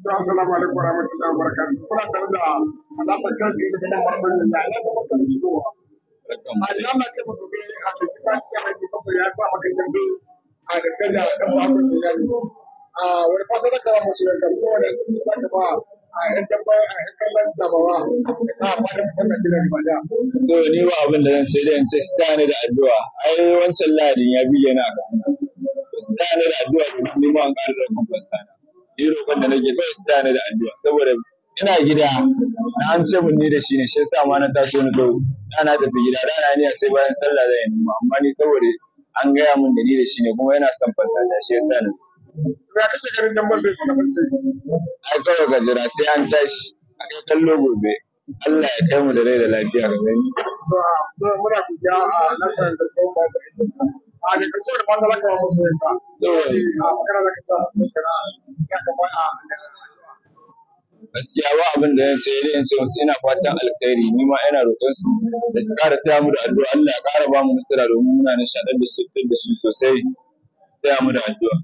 assalamu alaikum wa rahmatullahi kuna tare da alasa kan da daga barban da ya zama ya shigowa alama ta mu gobe a cikin fatiya da ke kafa ya sa maka tambaye a da kada da bakon da ya yi a wani fata da kawo musu da kan kowane kun su ba a yan tambaye a yan kallon zabawa a fadin musamman gidan ibada to ni ba abin da zan ce da ce ta ne da addu'a ai wancan ladin ya biye na ga ta ne da addu'a ne ma an ƙara da kuma Yi roƙon da nake kawai su tayar da addu'a saboda ina gida na an ce mun ni da shi ne shi yasa ma na taso na zo na na tafi gida da na niyya sai bayan sallah zai yi noma amma ni saboda an gaya mun da ni da shi ne kuma yana son fanta da shi yasa na ya kace garin nan bai so kasance ai kawai ka jira sai an tashi a kai kallo gobe Allah ya kai mu da rai da lafiya ga gani muna kuya a nasarar da kuma ba a da kace da manzala kamar musulunta yawa a kana da kace gaskiya ba abin da sai dai in ce ina fatan alkhairi ni ma ina roƙon su da su ƙara taya mu da addu'a Allah ya ƙara ba mu nasara domin muna nishaɗar da su da su sosai taya mu da addu'a.